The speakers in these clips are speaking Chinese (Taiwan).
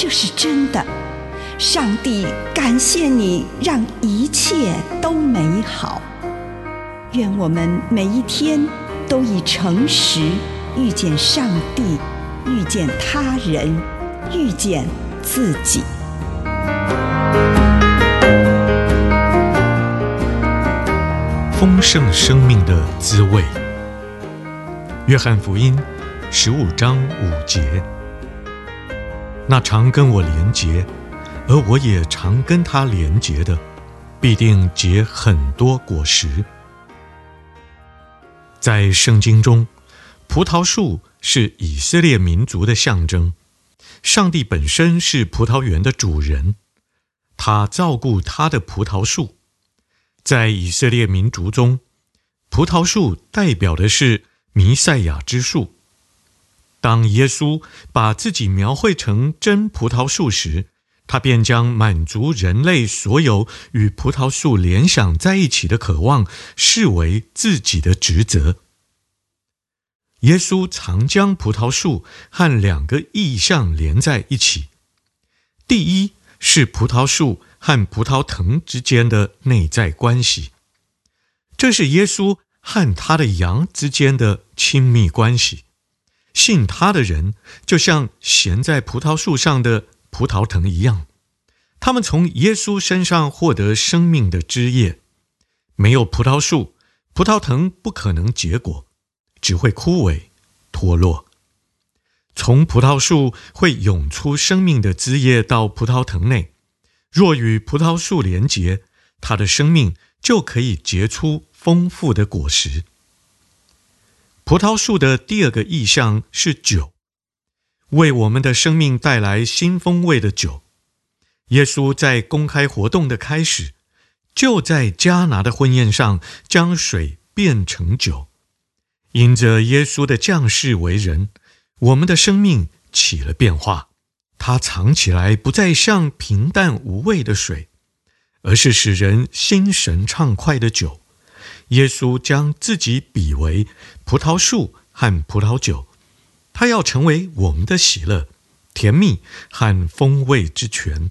這是真的，上帝感謝你讓一切都美好。願我們每一天都以誠實遇見上帝，遇見他人，遇見自己。豐盛生命的滋味。約翰福音十五章五節。那常跟我連結，而我也常跟他連結的，必定結很多果實。在聖經中，葡萄樹是以色列民族的象徵。上帝本身是葡萄園的主人，他照顧他的葡萄樹。在以色列民族中，葡萄樹代表的是彌賽亞之樹。當耶穌把自己描繪成真葡萄樹時，他便將滿足人類所有與葡萄樹聯想在一起的渴望視為自己的職責。耶穌常將葡萄樹和兩個意象連在一起，第一是葡萄樹和葡萄藤之間的內在關係，這是耶穌和他的羊之間的親密關係。信他的人，就像懸在葡萄樹上的葡萄藤一樣，他們從耶穌身上獲得生命的汁液。沒有葡萄樹，葡萄藤不可能結果，只會枯萎脫落。從葡萄樹會湧出生命的汁液到葡萄藤內，若與葡萄樹連結，它的生命就可以結出豐富的果實。葡萄樹的第二個意象是酒，為我們的生命帶來新風味的酒。耶穌在公開活動的開始，就在迦拿的婚宴上將水變成酒。因着耶穌的降世為人，我們的生命起了變化，它藏起來不再像平淡無味的水，而是使人心神暢快的酒。耶穌將自己比為葡萄樹和葡萄酒，他要成為我們的喜樂、甜蜜和風味之泉。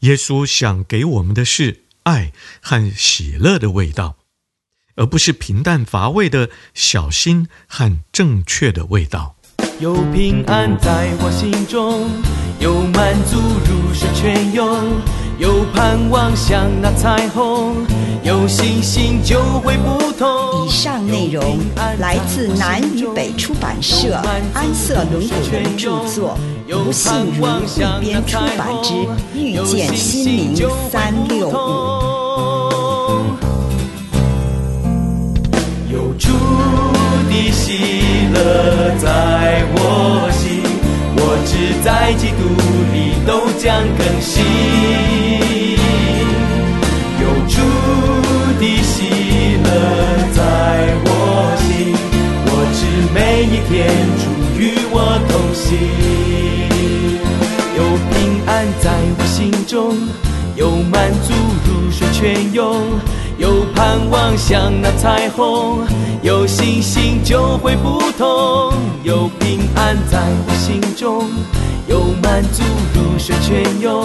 耶穌想給我們的是愛和喜樂的味道，而不是平淡乏味的小心和正確的味道。有平安在我心中，有滿足如是泉湧。有盼望，像那彩虹。有星星就會不同。以上內容來自南與北出版社安瑟倫古倫著作，吳信如主編出版之《遇見心靈三六五》。有主的喜樂在我心，我知在基督裡都將更新。在我心中，有滿足如水泉湧，有盼望像那彩虹，有信心就會不同。有平安在我心中，有滿足如水泉湧，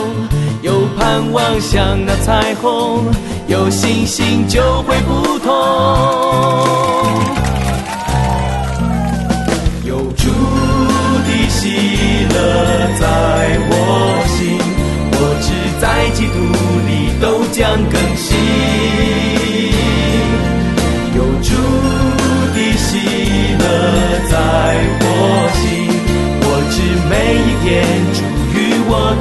有盼望像那彩虹，有信心就會不同。更新，有主的喜樂在我心，我知每一天主與我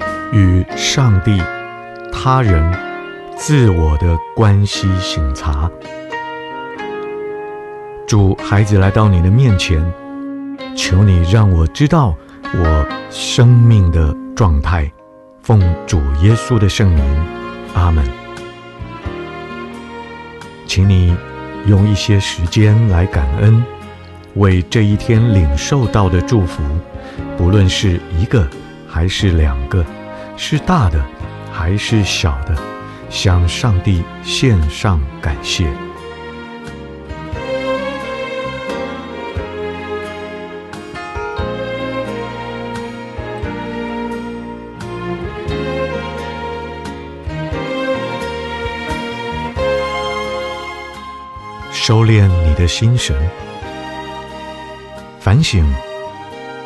同行。與上帝、他人、自我的關係，省察。主，孩子來到你的面前，求你讓我知道我生命的狀態。奉主耶穌的聖名，阿門。請你用一些時間來感恩，為這一天領受到的祝福，不論是一個還是兩個，是大的還是小的，向上帝獻上感謝。收斂你的心神，反省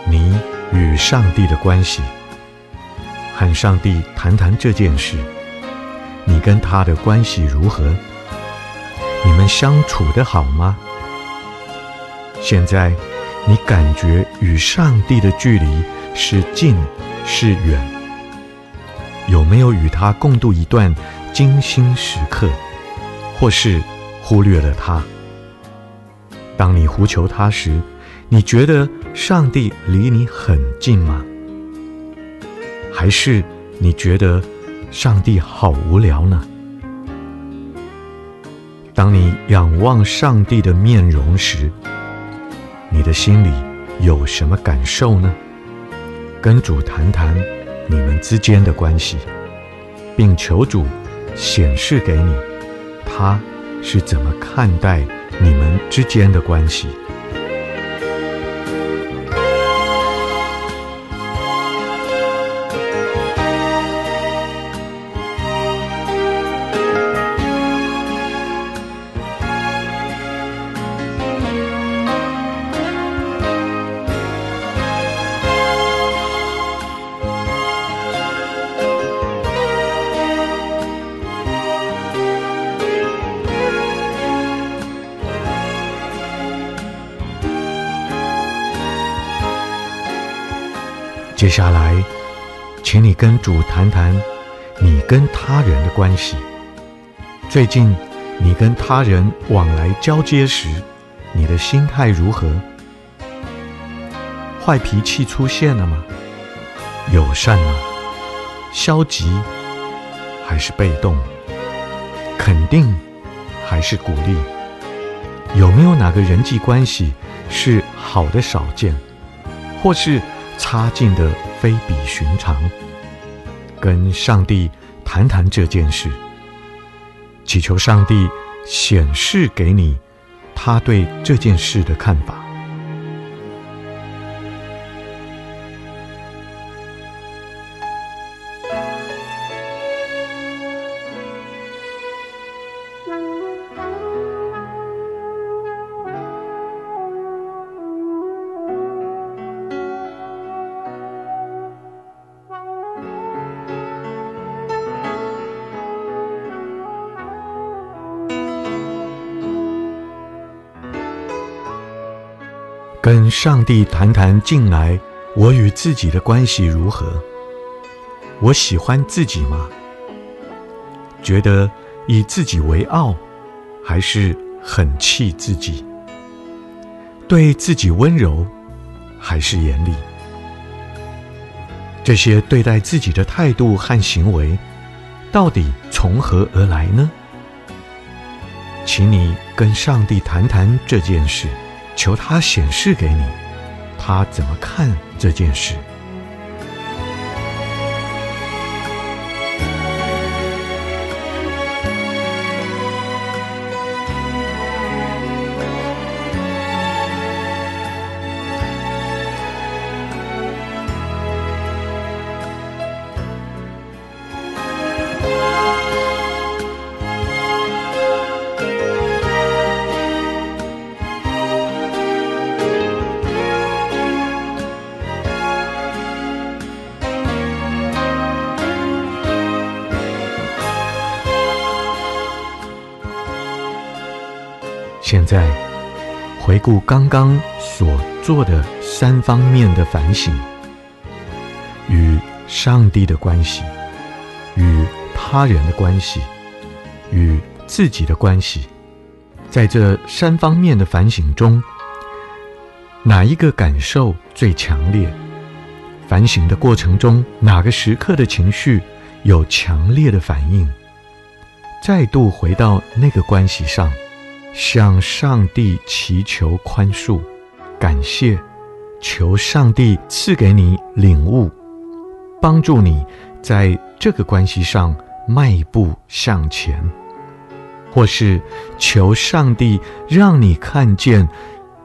你與上帝的關係，和上帝談談這件事。你跟他的關係如何？你們相處的好嗎？現在你感覺與上帝的距離是近是遠？有沒有與他共度一段精心時刻，或是？忽略了他。當你呼求他時，你覺得上帝離你很近嗎？還是你覺得上帝好無聊呢？當你仰望上帝的面容時，你的心裡有什麼感受呢？跟主談談你們之間的關係，並求主顯示給你他。是怎麼看待你們之間的關係？接下來，請你跟主談談你跟他人的關係。最近你跟他人往來交接時，你的心態如何？壞脾氣出現了嗎？友善嗎、啊？消極還是被動？肯定還是鼓勵？有沒有哪個人際關係是好的少見，或是？差勁的非比尋常，跟上帝談談這件事，祈求上帝顯示給你他對這件事的看法。跟上帝談談，近來我與自己的關係如何？我喜歡自己嗎？覺得以自己為傲，還是很氣自己？對自己溫柔，還是嚴厲？這些對待自己的態度和行為，到底從何而來呢？請你跟上帝談談這件事。求他顯示給你，他怎麼看這件事？現在回顧剛剛所做的三方面的反省：與上帝的關係、與他人的關係、與自己的關係。在這三方面的反省中，哪一個感受最強烈？反省的過程中，哪個時刻的情緒有強烈的反應？再度回到那個關係上。向上帝祈求寬恕、感謝，求上帝賜給你領悟，幫助你在這個關係上邁步向前，或是求上帝讓你看見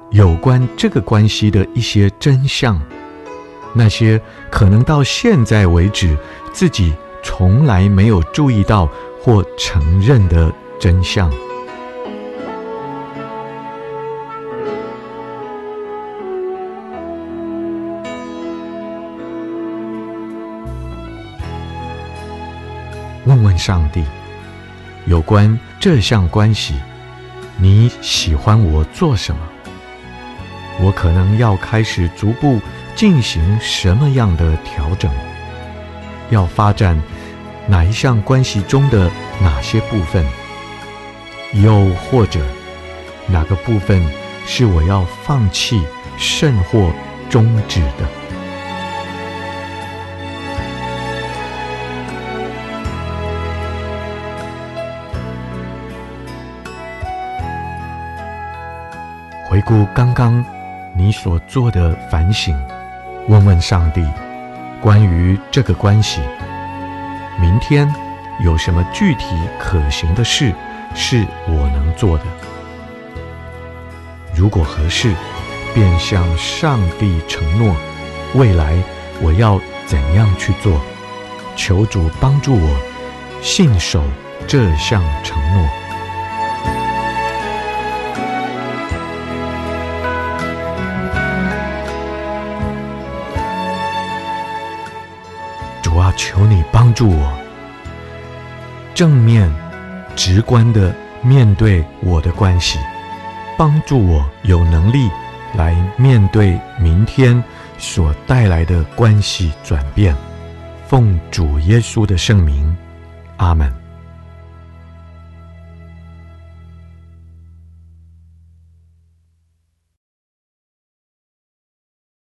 有關這個關係的一些真相，那些可能到現在為止自己從來沒有注意到或承認的真相。問問上帝，有關這項關係，你喜歡我做什麼？我可能要開始逐步進行什麼樣的調整？要發展哪一項關係中的哪些部分？又或者哪個部分是我要放棄，甚或終止的？顧剛剛你所做的反省，問問上帝關於這個關係，明天有什麼具體可行的事是我能做的？如果合適，便向上帝承諾，未來我要怎樣去做？求主幫助我，信守這項承諾。求你幫助我，正面、直觀的面對我的關係，幫助我有能力來面對明天所帶來的關係轉變。奉主耶穌的聖名，阿門。